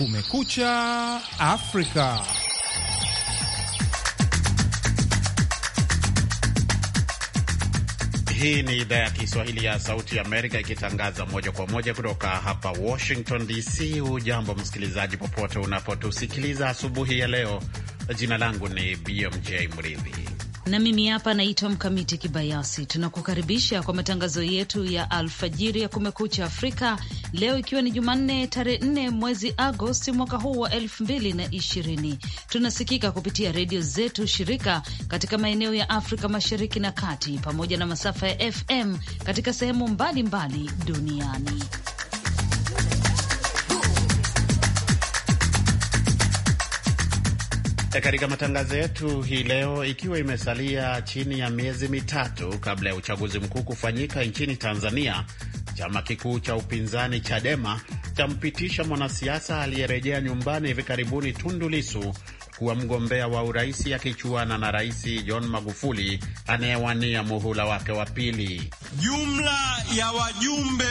Kumekucha Afrika. Hii ni idhaa ya Kiswahili ya Sauti ya Amerika ikitangaza moja kwa moja kutoka hapa Washington DC. ujambo msikilizaji, popote unapotusikiliza asubuhi ya leo. Jina langu ni BMJ Mridhi na mimi hapa naitwa Mkamiti Kibayasi. Tunakukaribisha kwa matangazo yetu ya alfajiri ya Kumekucha Afrika leo ikiwa ni Jumanne tarehe 4 mwezi Agosti mwaka huu wa elfu mbili na ishirini. Tunasikika kupitia redio zetu shirika katika maeneo ya Afrika Mashariki na Kati pamoja na masafa ya FM katika sehemu mbalimbali mbali duniani. Katika matangazo yetu hii leo, ikiwa imesalia chini ya miezi mitatu kabla ya uchaguzi mkuu kufanyika nchini Tanzania, chama kikuu cha upinzani Chadema champitisha mwanasiasa aliyerejea nyumbani hivi karibuni Tundu Lisu kuwa mgombea wa uraisi akichuana na Rais John Magufuli anayewania muhula wake wa pili. Jumla ya wajumbe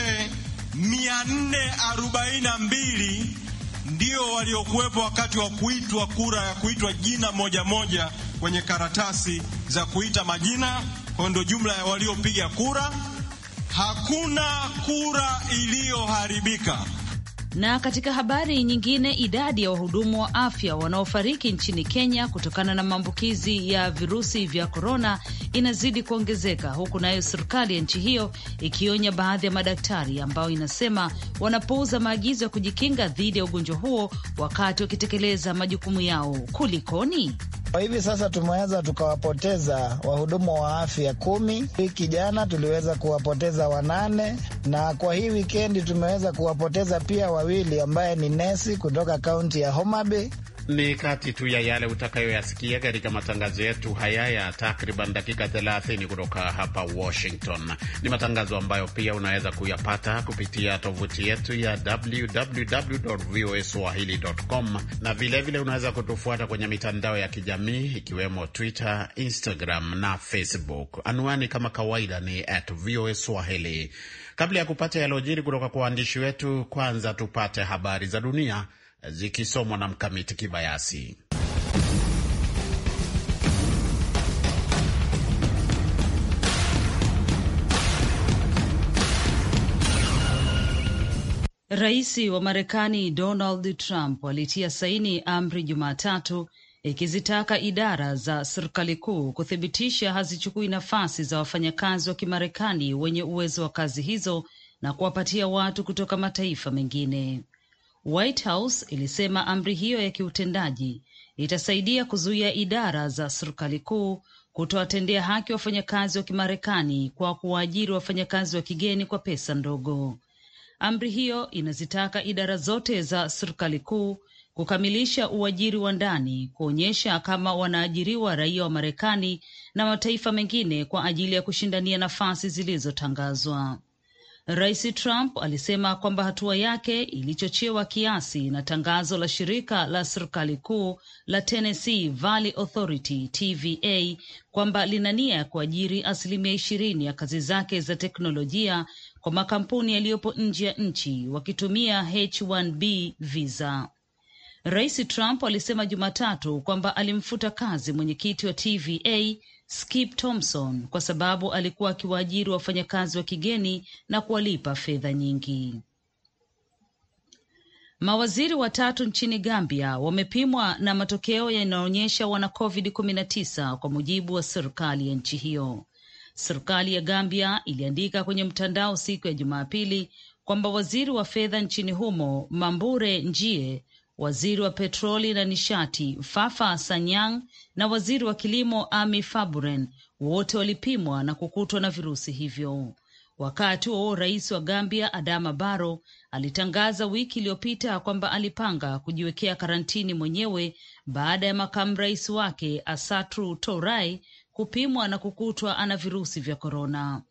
442 ndio waliokuwepo wakati wa kuitwa kura ya kuitwa jina moja moja kwenye karatasi za kuita majina, kwa ndio jumla ya waliopiga kura. Hakuna kura iliyoharibika. Na katika habari nyingine, idadi ya wahudumu wa afya wanaofariki nchini Kenya kutokana na maambukizi ya virusi vya korona inazidi kuongezeka, huku nayo serikali ya nchi hiyo ikionya baadhi ya madaktari ambao inasema wanapouza maagizo ya kujikinga dhidi ya ugonjwa huo wakati wakitekeleza majukumu yao. Kulikoni? Kwa hivi sasa tumeweza tukawapoteza wahudumu wa afya kumi. Wiki jana tuliweza kuwapoteza wanane, na kwa hii wikendi tumeweza kuwapoteza pia wawili, ambaye ni nesi kutoka kaunti ya Homabay ni kati tu ya yale utakayoyasikia katika matangazo yetu haya ya takriban dakika 30 kutoka hapa Washington. Ni matangazo ambayo pia unaweza kuyapata kupitia tovuti yetu ya www.voaswahili.com na vilevile vile unaweza kutufuata kwenye mitandao ya kijamii ikiwemo Twitter, Instagram na Facebook. Anwani kama kawaida ni at VOA Swahili. Kabla ya kupata yalojiri kutoka kwa waandishi wetu, kwanza tupate habari za dunia zikisomwa na Mkamiti Kibayasi. Rais wa Marekani Donald Trump alitia saini amri Jumatatu ikizitaka idara za serikali kuu kuthibitisha hazichukui nafasi za wafanyakazi wa Kimarekani wenye uwezo wa kazi hizo na kuwapatia watu kutoka mataifa mengine. White House ilisema amri hiyo ya kiutendaji itasaidia kuzuia idara za serikali kuu kutowatendea haki wafanyakazi wa Kimarekani kwa kuwaajiri wafanyakazi wa kigeni kwa pesa ndogo. Amri hiyo inazitaka idara zote za serikali kuu kukamilisha uajiri wa ndani, kuonyesha kama wanaajiriwa raia wa Marekani na mataifa mengine kwa ajili ya kushindania nafasi zilizotangazwa. Rais Trump alisema kwamba hatua yake ilichochewa kiasi na tangazo la shirika la serikali kuu la Tennessee Valley Authority TVA kwamba lina nia ya kuajiri asilimia ishirini ya kazi zake za teknolojia kwa makampuni yaliyopo nje ya nchi wakitumia H1B visa. Rais Trump alisema Jumatatu kwamba alimfuta kazi mwenyekiti wa TVA Skip Thompson kwa sababu alikuwa akiwaajiri wafanyakazi wa kigeni na kuwalipa fedha nyingi. Mawaziri watatu nchini Gambia wamepimwa na matokeo yanaonyesha wana COVID-19 kwa mujibu wa serikali ya nchi hiyo. Serikali ya Gambia iliandika kwenye mtandao siku ya Jumapili kwamba waziri wa fedha nchini humo Mambure Njie, waziri wa petroli na nishati Fafa Sanyang na waziri wa kilimo Ami Faburen wote walipimwa na kukutwa na virusi hivyo. Wakati huo rais wa Gambia Adama Barrow alitangaza wiki iliyopita kwamba alipanga kujiwekea karantini mwenyewe baada ya makamu rais wake Asatru Torai kupimwa na kukutwa ana virusi vya korona.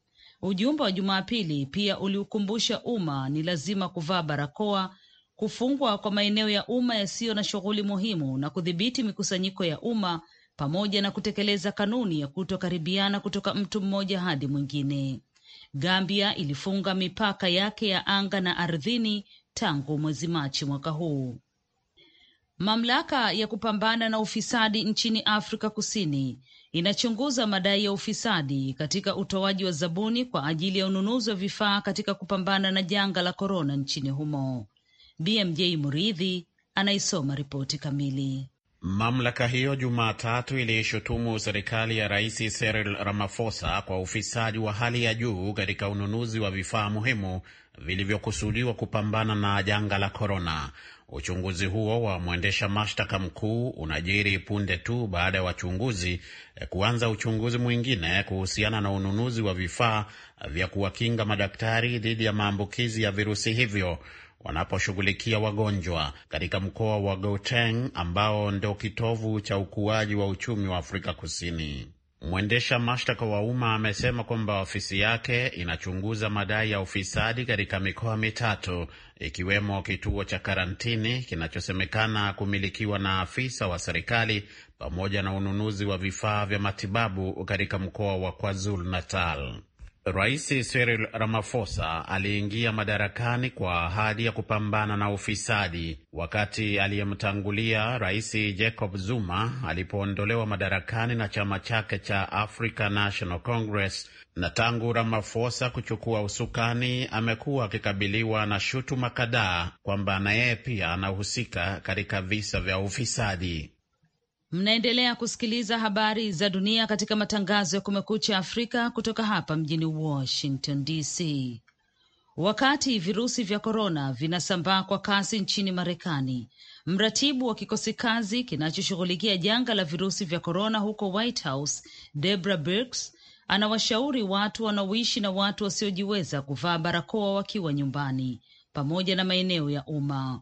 Ujumbe wa Jumapili pia uliukumbusha umma ni lazima kuvaa barakoa, kufungwa kwa maeneo ya umma yasiyo na shughuli muhimu na kudhibiti mikusanyiko ya umma pamoja na kutekeleza kanuni ya kutokaribiana kutoka mtu mmoja hadi mwingine. Gambia ilifunga mipaka yake ya anga na ardhini tangu mwezi Machi mwaka huu. Mamlaka ya kupambana na ufisadi nchini Afrika Kusini inachunguza madai ya ufisadi katika utoaji wa zabuni kwa ajili ya ununuzi wa vifaa katika kupambana na janga la korona nchini humo. BMJ Muridhi anaisoma ripoti kamili. Mamlaka hiyo Jumatatu iliishutumu serikali ya Rais Cyril Ramaphosa kwa ufisadi wa hali ya juu katika ununuzi wa vifaa muhimu vilivyokusudiwa kupambana na janga la korona. Uchunguzi huo wa mwendesha mashtaka mkuu unajiri punde tu baada ya wachunguzi eh, kuanza uchunguzi mwingine kuhusiana na ununuzi wa vifaa vya kuwakinga madaktari dhidi ya maambukizi ya virusi hivyo wanaposhughulikia wagonjwa katika mkoa wa Gauteng ambao ndio kitovu cha ukuaji wa uchumi wa Afrika Kusini. Mwendesha mashtaka wa umma amesema kwamba ofisi yake inachunguza madai ya ufisadi katika mikoa mitatu ikiwemo kituo cha karantini kinachosemekana kumilikiwa na afisa wa serikali pamoja na ununuzi wa vifaa vya matibabu katika mkoa wa KwaZulu Natal. Rais Cyril Ramaphosa aliingia madarakani kwa ahadi ya kupambana na ufisadi wakati aliyemtangulia Rais Jacob Zuma alipoondolewa madarakani na chama chake cha African National Congress, na tangu Ramaphosa kuchukua usukani amekuwa akikabiliwa na shutuma kadhaa kwamba na yeye pia anahusika katika visa vya ufisadi. Mnaendelea kusikiliza habari za dunia katika matangazo ya Kumekucha Afrika kutoka hapa mjini Washington DC. Wakati virusi vya korona vinasambaa kwa kasi nchini Marekani, mratibu wa kikosi kazi kinachoshughulikia janga la virusi vya korona huko White House, Debra Birx, anawashauri watu wanaoishi na watu wasiojiweza kuvaa barakoa wakiwa nyumbani pamoja na maeneo ya umma.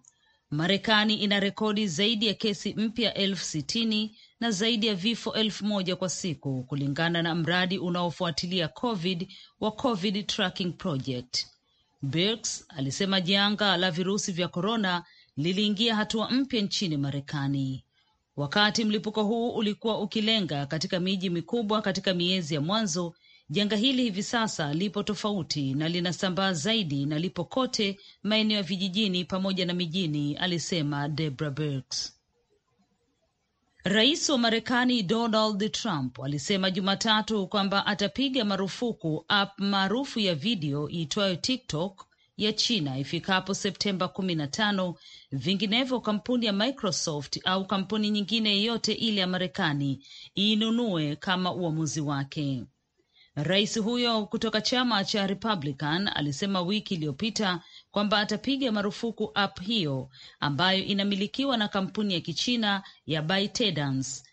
Marekani ina rekodi zaidi ya kesi mpya elfu sitini na zaidi ya vifo elfu moja kwa siku kulingana na mradi unaofuatilia COVID wa COVID Tracking Project. Birks alisema janga la virusi vya korona liliingia hatua mpya nchini Marekani. Wakati mlipuko huu ulikuwa ukilenga katika miji mikubwa katika miezi ya mwanzo, Janga hili hivi sasa lipo tofauti na linasambaa zaidi na lipo kote maeneo ya vijijini pamoja na mijini, alisema Debra Birx. Rais wa Marekani Donald Trump alisema Jumatatu kwamba atapiga marufuku app maarufu ya video iitwayo TikTok ya China ifikapo Septemba kumi na tano. Vinginevyo kampuni ya Microsoft au kampuni nyingine yeyote ile ya Marekani iinunue kama uamuzi wake. Rais huyo kutoka chama cha Republican alisema wiki iliyopita kwamba atapiga marufuku app hiyo ambayo inamilikiwa na kampuni ya Kichina ya ByteDance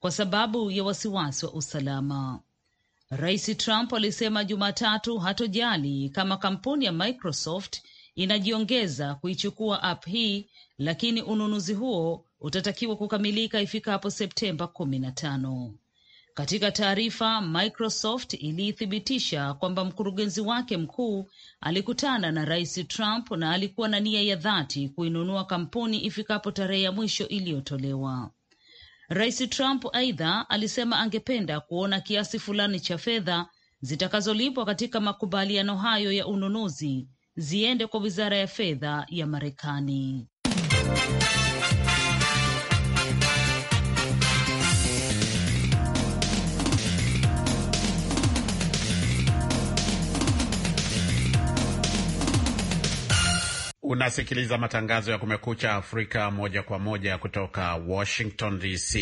kwa sababu ya wasiwasi wa usalama. Rais Trump alisema Jumatatu hatojali kama kampuni ya Microsoft inajiongeza kuichukua app hii, lakini ununuzi huo utatakiwa kukamilika ifikapo Septemba kumi na tano. Katika taarifa, Microsoft iliithibitisha kwamba mkurugenzi wake mkuu alikutana na Rais Trump na alikuwa na nia ya dhati kuinunua kampuni ifikapo tarehe ya mwisho iliyotolewa. Rais Trump aidha alisema angependa kuona kiasi fulani cha fedha zitakazolipwa katika makubaliano hayo ya ununuzi ziende kwa wizara ya fedha ya Marekani. Unasikiliza matangazo ya Kumekucha Afrika moja kwa moja kutoka Washington DC.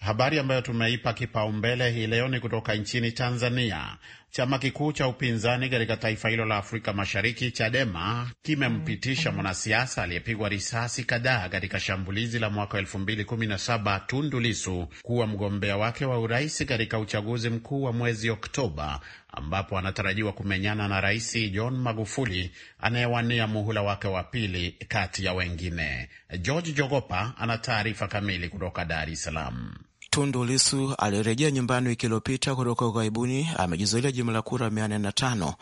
Habari ambayo tumeipa kipaumbele hii leo ni kutoka nchini Tanzania Chama kikuu cha upinzani katika taifa hilo la Afrika Mashariki, Chadema, kimempitisha mwanasiasa aliyepigwa risasi kadhaa katika shambulizi la mwaka 2017 Tundu Lisu kuwa mgombea wake wa urais katika uchaguzi mkuu wa mwezi Oktoba, ambapo anatarajiwa kumenyana na Rais John Magufuli anayewania muhula wake wa pili, kati ya wengine. George Jogopa ana taarifa kamili kutoka Dar es Salaam. Tundu Lisu alirejea nyumbani wiki iliyopita kutoka ughaibuni amejizolia jumla kura mia tano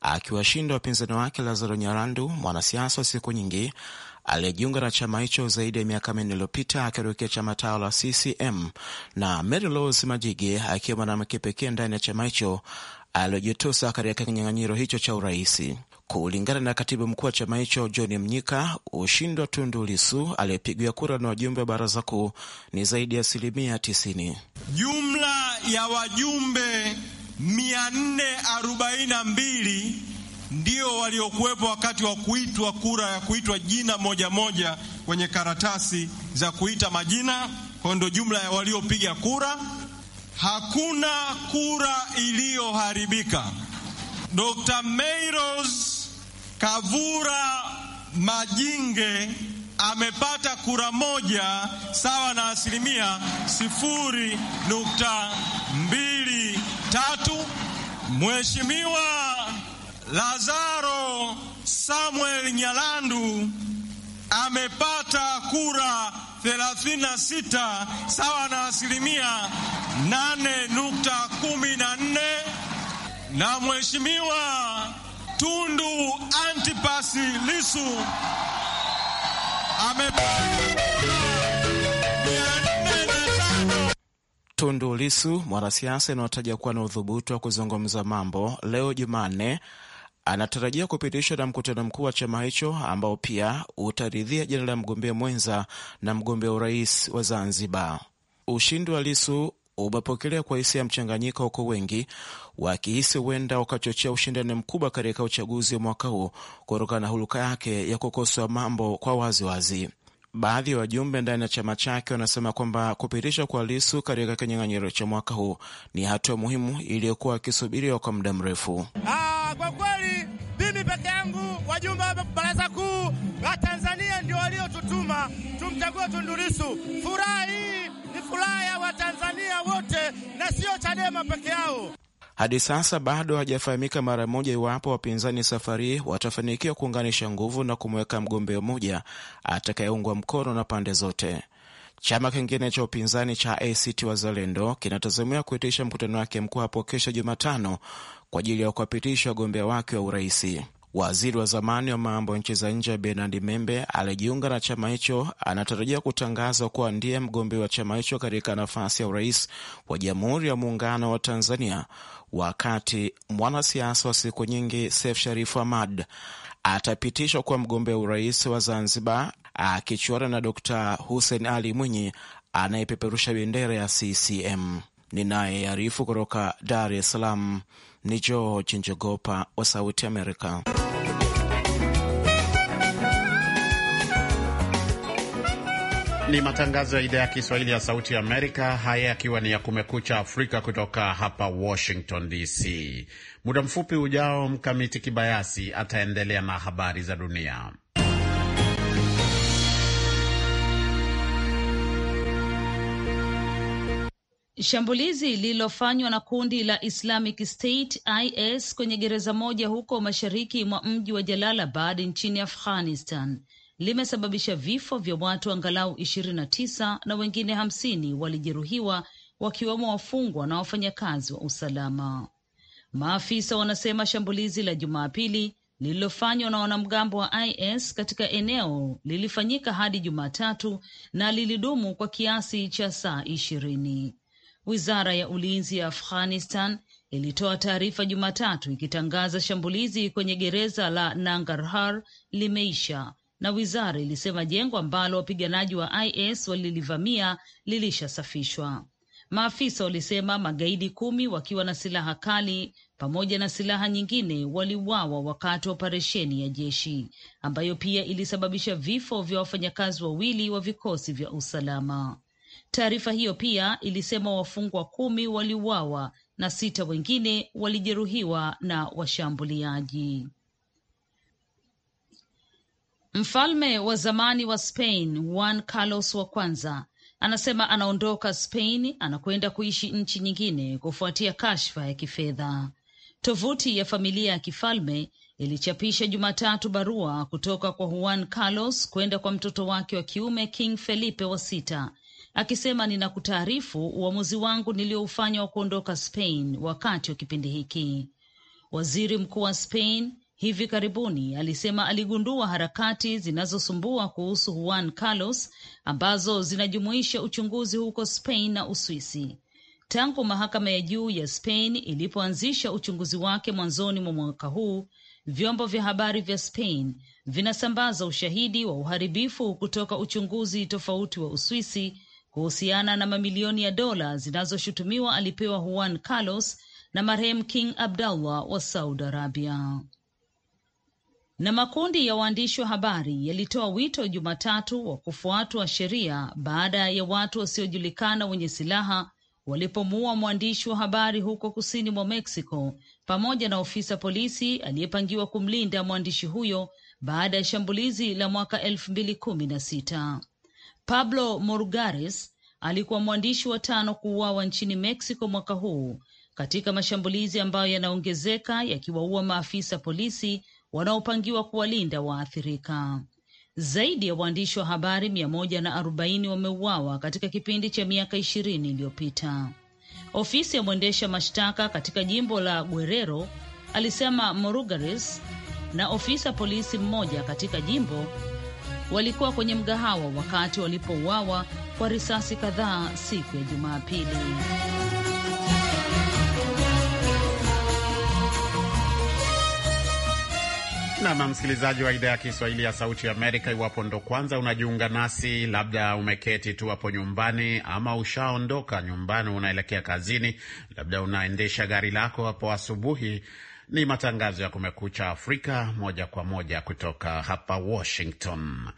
akiwashinda wapinzani wake Lazaro Nyarandu, mwanasiasa wa siku nyingi aliyejiunga na chama hicho zaidi ya miaka minne iliyopita akitokea chama tawala CCM, na Mary Louise Majige akiwa mwanamke pekee ndani ya chama hicho aliyojitosa katika kinyang'anyiro hicho cha urahisi Kulingana na katibu mkuu wa chama hicho John Mnyika, ushindi wa Tundu Lisu aliyepigwa kura na wajumbe wa baraza kuu ni zaidi ya asilimia 90. Jumla ya wajumbe 442 ndio waliokuwepo wakati wa kuitwa kura ya kuitwa jina moja moja kwenye karatasi za kuita majina, kwa ndo jumla ya waliopiga kura. Hakuna kura iliyoharibika. Dr. Meiros Kavura Majinge amepata kura moja sawa na asilimia sifuri nukta mbili tatu. Mheshimiwa Lazaro Samuel Nyalandu amepata kura sita sawa na asilimia nukta nne na Mheshimiwa Tundu Antipasi Lisu ame Tundu Lisu, mwanasiasa inayotaja kuwa na udhubutu wa kuzungumza mambo, leo Jumanne anatarajia kupitishwa na mkutano mkuu wa chama hicho ambao pia utaridhia jina la mgombea mwenza na mgombea urais wa Zanzibar. Ushindi wa Lisu umepokelea kwa hisia mchanganyiko, huko wengi wakihisi huenda wakachochea ushindani mkubwa katika uchaguzi wa mwaka huu kutokana na huluka yake ya kukosoa mambo kwa waziwazi wazi. Baadhi ya wajumbe ndani ya chama chake wanasema kwamba kupitishwa kwa Lisu katika kinyang'anyiro cha mwaka huu ni hatua muhimu iliyokuwa akisubiriwa kwa muda mrefu. Ah, kwa kweli mimi peke yangu wajumbe wa baraza kuu la Tanzania ndio waliotutuma tumchague Tundu Lisu. Furaha hii Ulaya Watanzania wote na sio Chadema peke yao. Hadi sasa bado hajafahamika mara moja iwapo wapinzani safari watafanikiwa kuunganisha nguvu na kumweka mgombea mmoja atakayeungwa mkono na pande zote. Chama kingine cha upinzani cha ACT Wazalendo kinatazamia kuitisha mkutano wake mkuu hapo kesho Jumatano kwa ajili ya kuwapitisha wagombea wake wa uraisi. Waziri wa zamani wa mambo ya nchi za nje Bernard Membe alijiunga na chama hicho, anatarajia kutangazwa kuwa ndiye mgombea wa chama hicho katika nafasi ya urais wa Jamhuri ya Muungano wa Tanzania, wakati mwanasiasa wa siku nyingi sef Sharif Hamad atapitishwa kuwa mgombea urais wa Zanzibar, akichuana na Dr Hussein Ali Mwinyi anayepeperusha bendera ya CCM. Ninayearifu kutoka Dar es Salaam ni George Njogopa wa Sauti Amerika. Ni matangazo ya idhaa ya Kiswahili ya Sauti ya Amerika, haya yakiwa ni ya Kumekucha Afrika kutoka hapa Washington DC. Muda mfupi ujao, Mkamiti Kibayasi ataendelea na habari za dunia. Shambulizi lililofanywa na kundi la Islamic State IS kwenye gereza moja huko mashariki mwa mji wa Jalalabad nchini Afghanistan limesababisha vifo vya watu angalau ishirini na tisa na wengine hamsini walijeruhiwa wakiwemo wafungwa na wafanyakazi wa usalama. Maafisa wanasema shambulizi la Jumapili lililofanywa na wanamgambo wa IS katika eneo lilifanyika hadi Jumatatu na lilidumu kwa kiasi cha saa ishirini. Wizara ya ulinzi ya Afghanistan ilitoa taarifa Jumatatu ikitangaza shambulizi kwenye gereza la Nangarhar limeisha na wizara ilisema jengo ambalo wapiganaji wa IS walilivamia lilishasafishwa. Maafisa walisema magaidi kumi wakiwa na silaha kali pamoja na silaha nyingine waliuawa wakati wa operesheni ya jeshi ambayo pia ilisababisha vifo vya wafanyakazi wawili wa vikosi vya usalama. Taarifa hiyo pia ilisema wafungwa kumi waliuawa na sita wengine walijeruhiwa na washambuliaji. Mfalme wa zamani wa Spain Juan Carlos wa kwanza anasema anaondoka Spain, anakwenda kuishi nchi nyingine kufuatia kashfa ya kifedha. Tovuti ya familia ya kifalme ilichapisha Jumatatu barua kutoka kwa Juan Carlos kwenda kwa mtoto wake wa kiume King Felipe wa sita akisema, ninakutaarifu uamuzi wangu nilioufanya wa kuondoka Spain wakati wa kipindi hiki. Waziri mkuu wa Spain hivi karibuni alisema aligundua harakati zinazosumbua kuhusu Juan Carlos ambazo zinajumuisha uchunguzi huko Spain na Uswisi. Tangu mahakama ya juu ya Spain ilipoanzisha uchunguzi wake mwanzoni mwa mwaka huu, vyombo vya habari vya Spain vinasambaza ushahidi wa uharibifu kutoka uchunguzi tofauti wa Uswisi kuhusiana na mamilioni ya dola zinazoshutumiwa alipewa Juan Carlos na marehemu King abdullah wa Saudi Arabia na makundi ya waandishi wa habari yalitoa wito Jumatatu wa kufuatwa sheria baada ya watu wasiojulikana wenye silaha walipomuua mwandishi wa habari huko kusini mwa Mexico pamoja na ofisa polisi aliyepangiwa kumlinda mwandishi huyo baada ya shambulizi la mwaka elfu mbili kumi na sita. Pablo Morgares alikuwa mwandishi wa tano kuuawa nchini Mexico mwaka huu katika mashambulizi ambayo yanaongezeka yakiwaua maafisa polisi wanaopangiwa kuwalinda waathirika. Zaidi ya waandishi wa habari mia moja na arobaini wameuawa katika kipindi cha miaka ishirini iliyopita. Ofisi ya mwendesha mashtaka katika jimbo la Guerrero alisema Morugares na ofisa polisi mmoja katika jimbo walikuwa kwenye mgahawa wakati walipouawa kwa risasi kadhaa siku ya Jumapili. Nam msikilizaji wa idhaa ya Kiswahili ya Sauti ya Amerika, iwapo ndo kwanza unajiunga nasi, labda umeketi tu hapo nyumbani ama ushaondoka nyumbani unaelekea kazini, labda unaendesha gari lako hapo asubuhi. Ni matangazo ya Kumekucha Afrika moja kwa moja kutoka hapa Washington.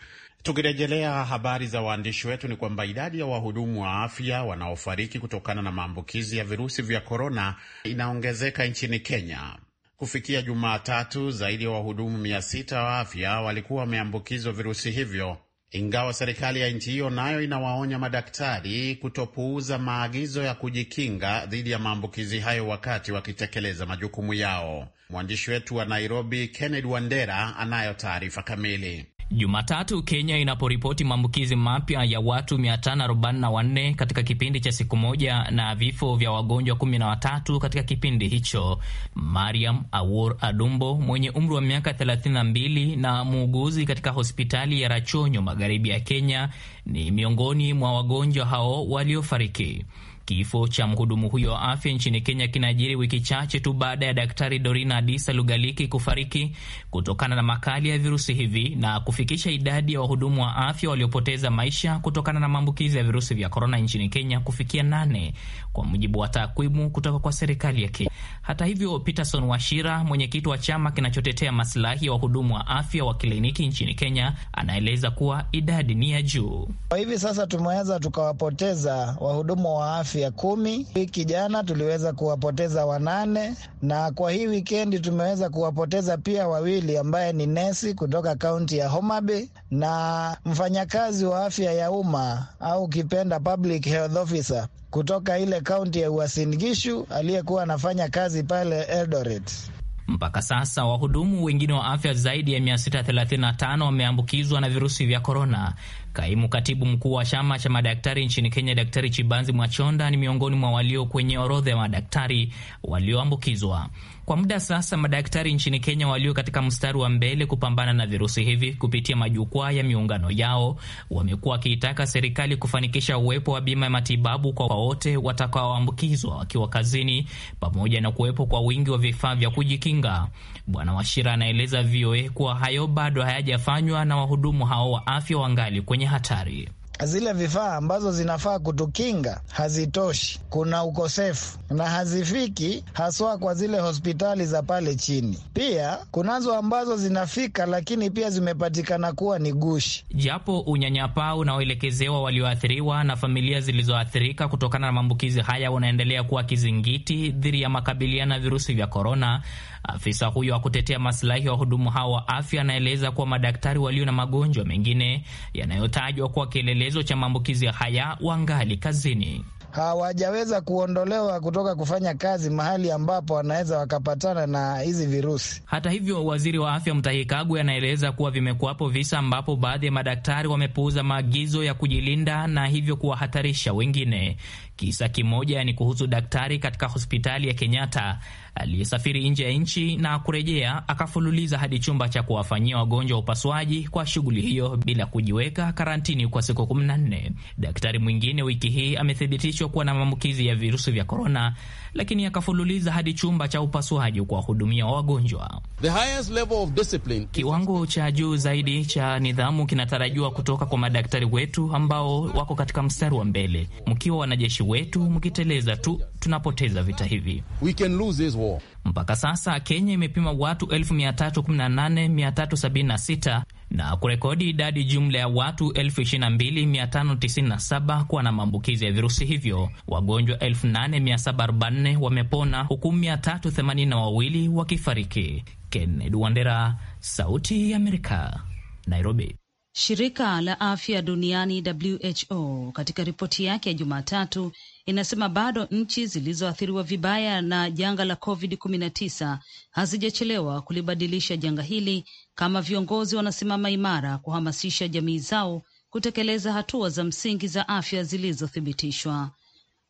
Tukirejelea habari za waandishi wetu, ni kwamba idadi ya wahudumu wa afya wanaofariki kutokana na maambukizi ya virusi vya korona inaongezeka nchini Kenya. Kufikia Jumatatu, zaidi ya wahudumu mia sita wa afya walikuwa wameambukizwa virusi hivyo, ingawa serikali ya nchi hiyo nayo inawaonya madaktari kutopuuza maagizo ya kujikinga dhidi ya maambukizi hayo wakati wakitekeleza majukumu yao. Mwandishi wetu wa Nairobi, Kennedy Wandera, anayo taarifa kamili. Jumatatu Kenya inaporipoti maambukizi mapya ya watu 544 katika kipindi cha siku moja na vifo vya wagonjwa 13 katika kipindi hicho. Mariam Awur Adumbo mwenye umri wa miaka 32 na muuguzi katika hospitali ya Rachonyo magharibi ya Kenya ni miongoni mwa wagonjwa hao waliofariki. Kifo cha mhudumu huyo wa afya nchini Kenya kinajiri wiki chache tu baada ya Daktari Dorina Adisa Lugaliki kufariki kutokana na makali ya virusi hivi na kufikisha idadi ya wahudumu wa afya waliopoteza maisha kutokana na maambukizi ya virusi vya korona nchini Kenya kufikia nane kwa mujibu wa takwimu kutoka kwa serikali ya Kenya. Hata hivyo, Peterson Washira, mwenyekiti wa chama kinachotetea masilahi ya wahudumu wa afya wa kliniki nchini Kenya, anaeleza kuwa idadi ni ya juu. Kwa hivi sasa tumeweza tukawapoteza wahudumu wa afya ya kumi. Wiki jana tuliweza kuwapoteza wanane, na kwa hii wikendi tumeweza kuwapoteza pia wawili, ambaye ni nesi kutoka kaunti ya Homabay na mfanyakazi wa afya ya umma au ukipenda public health officer kutoka ile kaunti ya Uasin Gishu aliyekuwa anafanya kazi pale Eldoret. Mpaka sasa wahudumu wengine wa afya zaidi ya 635 wameambukizwa na virusi vya korona Kaimu katibu mkuu wa chama cha madaktari nchini Kenya, Daktari Chibanzi Mwachonda ni miongoni mwa walio kwenye orodha ya madaktari walioambukizwa. Kwa muda sasa, madaktari nchini Kenya walio katika mstari wa mbele kupambana na virusi hivi kupitia majukwaa ya miungano yao wamekuwa wakiitaka serikali kufanikisha uwepo wa bima ya matibabu kwa wote watakaoambukizwa wakiwa kazini, pamoja na kuwepo kwa wingi wa vifaa vya kujikinga. Bwana Washira anaeleza VOA kuwa hayo bado hayajafanywa na wahudumu hao wa afya wangali kwenye hatari zile vifaa ambazo zinafaa kutukinga hazitoshi. Kuna ukosefu na hazifiki haswa kwa zile hospitali za pale chini. Pia kunazo ambazo zinafika, lakini pia zimepatikana kuwa ni gushi. Japo unyanyapaa unaoelekezewa walioathiriwa na familia zilizoathirika kutokana na maambukizi haya unaendelea kuwa kizingiti dhidi ya makabiliano ya virusi vya korona Afisa huyo wa kutetea masilahi ya wahudumu hao wa afya anaeleza kuwa madaktari walio na magonjwa mengine yanayotajwa kuwa kielelezo cha maambukizi haya wangali kazini hawajaweza kuondolewa kutoka kufanya kazi mahali ambapo wanaweza wakapatana na hizi virusi. Hata hivyo, waziri wa afya Mutahi Kagwe anaeleza kuwa vimekuwapo visa ambapo baadhi ya madaktari wamepuuza maagizo ya kujilinda na hivyo kuwahatarisha wengine. Kisa kimoja ni kuhusu daktari katika hospitali ya Kenyatta aliyesafiri nje ya nchi na kurejea akafululiza hadi chumba cha kuwafanyia wagonjwa wa upasuaji kwa shughuli hiyo bila kujiweka karantini kwa siku nne. Daktari mwingine wiki hii amethibitishwa kuwa na maambukizi ya virusi vya korona, lakini akafululiza hadi chumba cha upasuaji kuwahudumia wagonjwa. Kiwango cha juu zaidi cha nidhamu kinatarajiwa kutoka kwa madaktari wetu ambao wako katika mstari wa mbele, mkiwa wanajeshi wetu mkiteleza tu, tunapoteza vita hivi. We can lose this war. Mpaka sasa Kenya imepima watu 318376 na kurekodi idadi jumla ya watu 22597 kuwa na maambukizi ya virusi hivyo. Wagonjwa 8744 wamepona huku 382 wakifariki. Kennedy Wandera, Sauti ya Amerika, Nairobi. Shirika la afya duniani WHO katika ripoti yake ya Jumatatu inasema bado nchi zilizoathiriwa vibaya na janga la COVID-19 hazijachelewa kulibadilisha janga hili kama viongozi wanasimama imara kuhamasisha jamii zao kutekeleza hatua za msingi za afya zilizothibitishwa.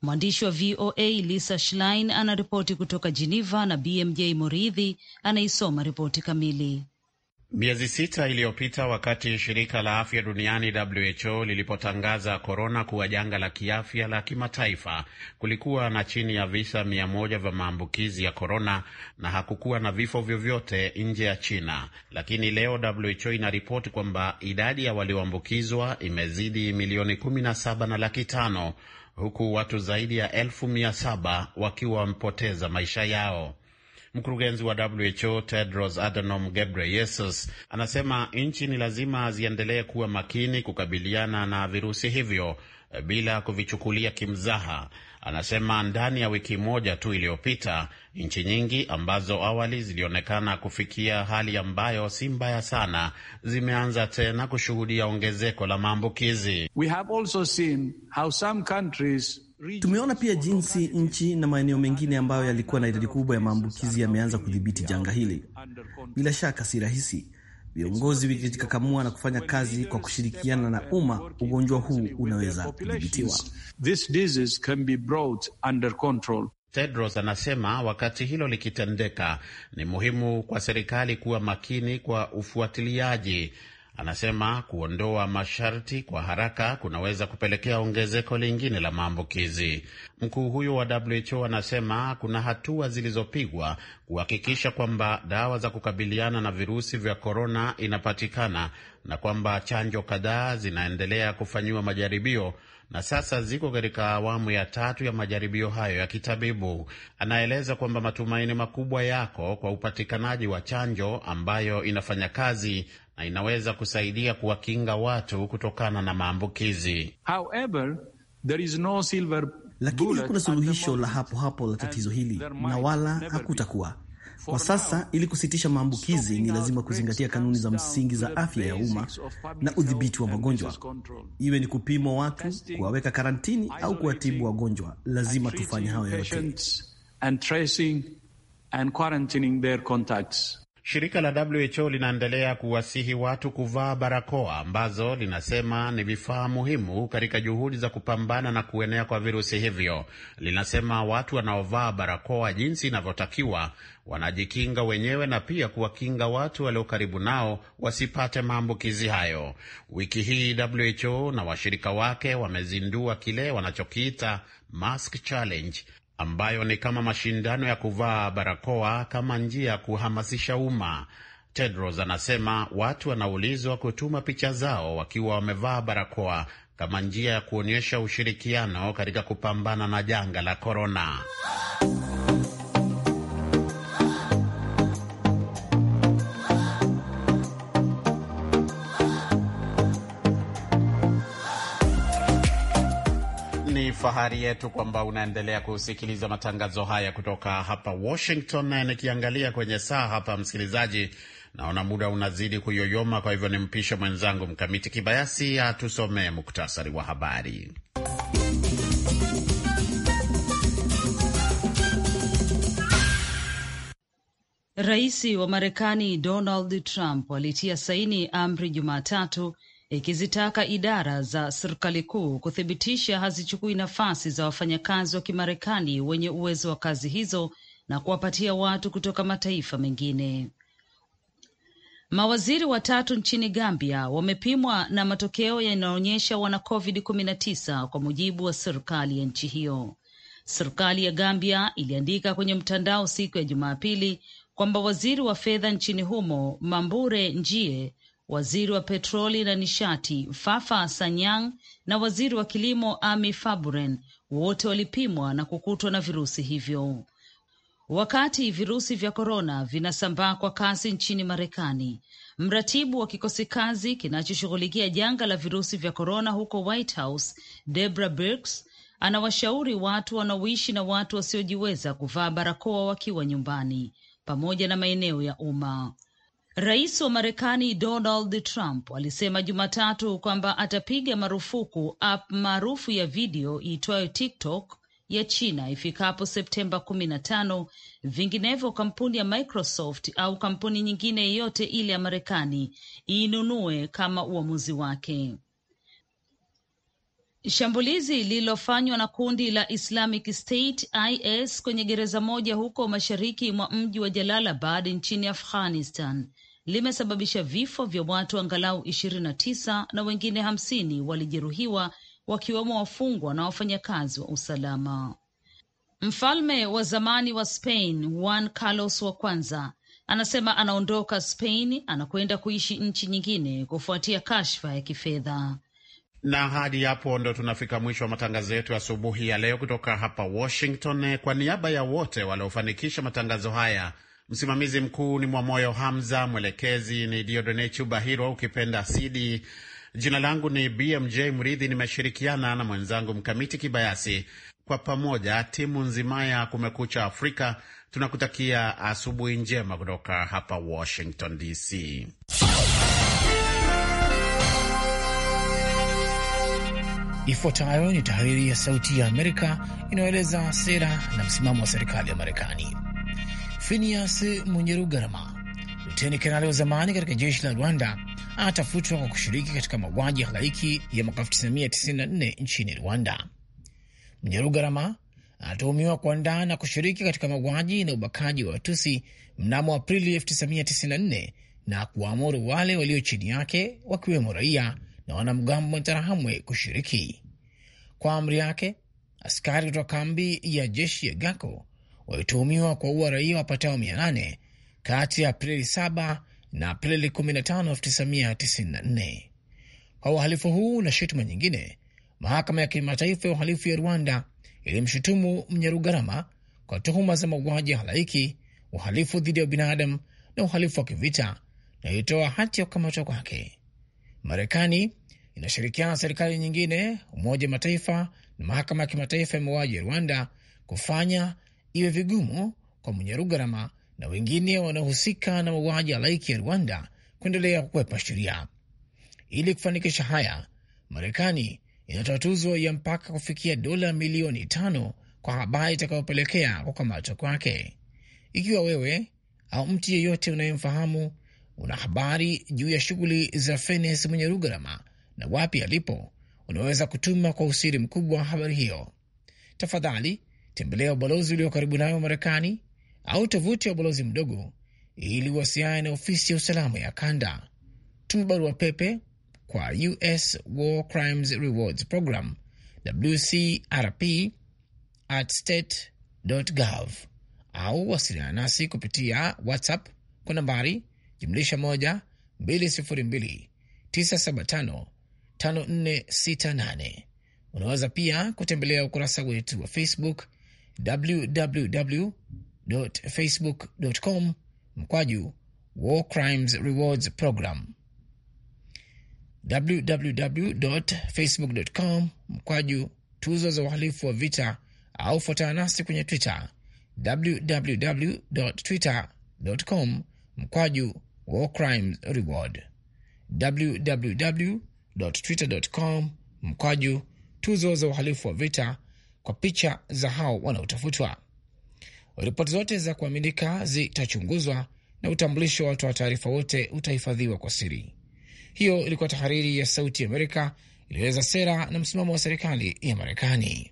Mwandishi wa VOA Lisa Schlein anaripoti kutoka Geneva na BMJ Moridhi anaisoma ripoti kamili. Miezi sita iliyopita wakati shirika la afya duniani WHO lilipotangaza korona kuwa janga la kiafya la kimataifa, kulikuwa na chini ya visa mia moja vya maambukizi ya korona na hakukuwa na vifo vyovyote nje ya China. Lakini leo WHO inaripoti kwamba idadi ya walioambukizwa imezidi milioni kumi na saba na laki tano huku watu zaidi ya elfu mia saba wakiwa wamepoteza maisha yao. Mkurugenzi wa WHO Tedros Adhanom Ghebreyesus anasema nchi ni lazima ziendelee kuwa makini kukabiliana na virusi hivyo eh, bila kuvichukulia kimzaha. Anasema ndani ya wiki moja tu iliyopita, nchi nyingi ambazo awali zilionekana kufikia hali ambayo si mbaya sana zimeanza tena kushuhudia ongezeko la maambukizi. We have also seen how some countries Tumeona pia jinsi nchi na maeneo mengine ambayo yalikuwa na idadi kubwa ya maambukizi yameanza kudhibiti janga hili. Bila shaka si rahisi, viongozi wikijikakamua na kufanya kazi kwa kushirikiana na umma, ugonjwa huu unaweza kudhibitiwa. Tedros anasema wakati hilo likitendeka, ni muhimu kwa serikali kuwa makini kwa ufuatiliaji Anasema kuondoa masharti kwa haraka kunaweza kupelekea ongezeko lingine la maambukizi. Mkuu huyo wa WHO anasema kuna hatua zilizopigwa kuhakikisha kwamba dawa za kukabiliana na virusi vya korona inapatikana na kwamba chanjo kadhaa zinaendelea kufanyiwa majaribio na sasa ziko katika awamu ya tatu ya majaribio hayo ya kitabibu. Anaeleza kwamba matumaini makubwa yako kwa upatikanaji wa chanjo ambayo inafanya kazi na inaweza kusaidia kuwakinga watu kutokana na maambukizi. However, there is no silver lakini hakuna suluhisho la hapo hapo la tatizo hili na wala hakutakuwa kwa sasa. Ili kusitisha maambukizi, ni lazima kuzingatia kanuni za msingi za afya ya umma na udhibiti wa magonjwa, iwe ni kupimwa watu, kuwaweka karantini au kuwatibu wagonjwa. Lazima tufanye hayo yote. Shirika la WHO linaendelea kuwasihi watu kuvaa barakoa ambazo linasema ni vifaa muhimu katika juhudi za kupambana na kuenea kwa virusi hivyo. Linasema watu wanaovaa barakoa jinsi inavyotakiwa wanajikinga wenyewe na pia kuwakinga watu walio karibu nao wasipate maambukizi hayo. Wiki hii WHO na washirika wake wamezindua kile wanachokiita Mask Challenge ambayo ni kama mashindano ya kuvaa barakoa kama njia ya kuhamasisha umma. Tedros anasema watu wanaulizwa kutuma picha zao wakiwa wamevaa barakoa kama njia ya kuonyesha ushirikiano katika kupambana na janga la korona. fahari yetu kwamba unaendelea kusikiliza matangazo haya kutoka hapa Washington, na nikiangalia kwenye saa hapa, msikilizaji, naona muda unazidi kuyoyoma, kwa hivyo nimpishe mwenzangu Mkamiti Kibayasi atusomee muktasari wa habari. Rais wa Marekani Donald Trump alitia saini amri Jumatatu ikizitaka idara za serikali kuu kuthibitisha hazichukui nafasi za wafanyakazi wa Kimarekani wenye uwezo wa kazi hizo na kuwapatia watu kutoka mataifa mengine. Mawaziri watatu nchini Gambia wamepimwa na matokeo yanaonyesha wana COVID-19 kwa mujibu wa serikali ya nchi hiyo. Serikali ya Gambia iliandika kwenye mtandao siku ya Jumapili kwamba waziri wa fedha nchini humo Mambure Njie waziri wa petroli na nishati Fafa Sanyang na waziri wa kilimo Ami Faburen wote walipimwa na kukutwa na virusi hivyo. Wakati virusi vya korona vinasambaa kwa kasi nchini Marekani, mratibu wa kikosi kazi kinachoshughulikia janga la virusi vya korona huko White House, Debra Birx anawashauri watu wanaoishi na watu wasiojiweza kuvaa barakoa wakiwa nyumbani pamoja na maeneo ya umma. Rais wa Marekani Donald Trump alisema Jumatatu kwamba atapiga marufuku app maarufu ya video iitwayo TikTok ya China ifikapo Septemba kumi vinginevyo kampuni ya Microsoft au kampuni nyingine yeyote ile ya Marekani iinunue kama uamuzi wake. Shambulizi lililofanywa na kundi la Islamic State IS kwenye gereza moja huko mashariki mwa mji wa Jalalabad nchini Afghanistan limesababisha vifo vya watu angalau ishirini na tisa na wengine hamsini walijeruhiwa wakiwemo wafungwa na wafanyakazi wa usalama. Mfalme wa zamani wa Spain Juan Carlos wa kwanza anasema anaondoka Spain, anakwenda kuishi nchi nyingine kufuatia kashfa ya kifedha. Na hadi hapo ndo tunafika mwisho wa matangazo yetu asubuhi ya leo kutoka hapa Washington. Kwa niaba ya wote waliofanikisha matangazo haya Msimamizi mkuu ni Mwamoyo Hamza, mwelekezi ni Diodone Chubahiro, ukipenda Sidi. Jina langu ni BMJ Mridhi, nimeshirikiana na mwenzangu Mkamiti Kibayasi. Kwa pamoja timu nzima ya Kumekucha Afrika tunakutakia asubuhi njema kutoka hapa Washington DC. Ifuatayo ni tahariri ya Sauti ya Amerika inayoeleza sera na msimamo wa serikali ya Marekani. Phineas Munyerugarama, luteni kanali wa zamani katika jeshi la Rwanda, atafutwa kwa kushiriki katika mauaji ya halaiki ya mwaka 1994 nchini Rwanda. Munyerugarama anatuhumiwa kuandaa na kushiriki katika mauaji na ubakaji wa Watusi mnamo Aprili 1994 na kuwaamuru wale walio chini yake wakiwemo raia na wanamgambo Matarahamwe kushiriki. Kwa amri yake, askari kutoka kambi ya jeshi ya Gako walituhumiwa kwa ua raia wapatao 800 kati ya Aprili 7 na Aprili 15, 1994. Kwa uhalifu huu na shutuma nyingine, mahakama ya kimataifa ya uhalifu ya Rwanda ilimshutumu Mnyarugarama kwa tuhuma za mauaji ya halaiki, uhalifu dhidi ya binadamu na uhalifu wa kivita, na ilitoa hati ya kukamatwa kwake. Marekani inashirikiana na serikali nyingine, Umoja wa Mataifa na mahakama ya kimataifa ya mauaji ya Rwanda kufanya iwe vigumu kwa Munyarugharama na wengine wanaohusika na mauaji ya laiki ya Rwanda kuendelea kukwepa sheria. Ili kufanikisha haya, Marekani inatoa tuzo ya mpaka kufikia dola milioni tano kwa habari itakayopelekea kukamatwa kwake. Ikiwa wewe au mtu yeyote unayemfahamu una habari juu ya shughuli za Fenes Munyarugharama na wapi alipo, unaweza kutuma kwa usiri mkubwa habari hiyo. Tafadhali tembelea ubalozi ulio karibu nayo Marekani au tovuti ya ubalozi mdogo ili uwasiliane na ofisi ya usalama ya kanda. Tuma barua pepe kwa US War Crimes Rewards Program, WCRP at state gov, au wasiliana nasi kupitia WhatsApp kwa nambari jumlisha 1 Unaweza pia kutembelea ukurasa wetu wa Facebook www facebook com mkwaju war crimes rewards program www facebook com mkwaju tuzo za uhalifu wa vita, au fuatana nasi kwenye Twitter www twitter com mkwaju war crimes reward www twitter com mkwaju tuzo za uhalifu wa vita kwa picha za hao wanaotafutwa. Ripoti zote za kuaminika zitachunguzwa na utambulisho wa watoa taarifa wote utahifadhiwa kwa siri. Hiyo ilikuwa tahariri ya Sauti ya Amerika iliyoeleza sera na msimamo wa serikali ya Marekani.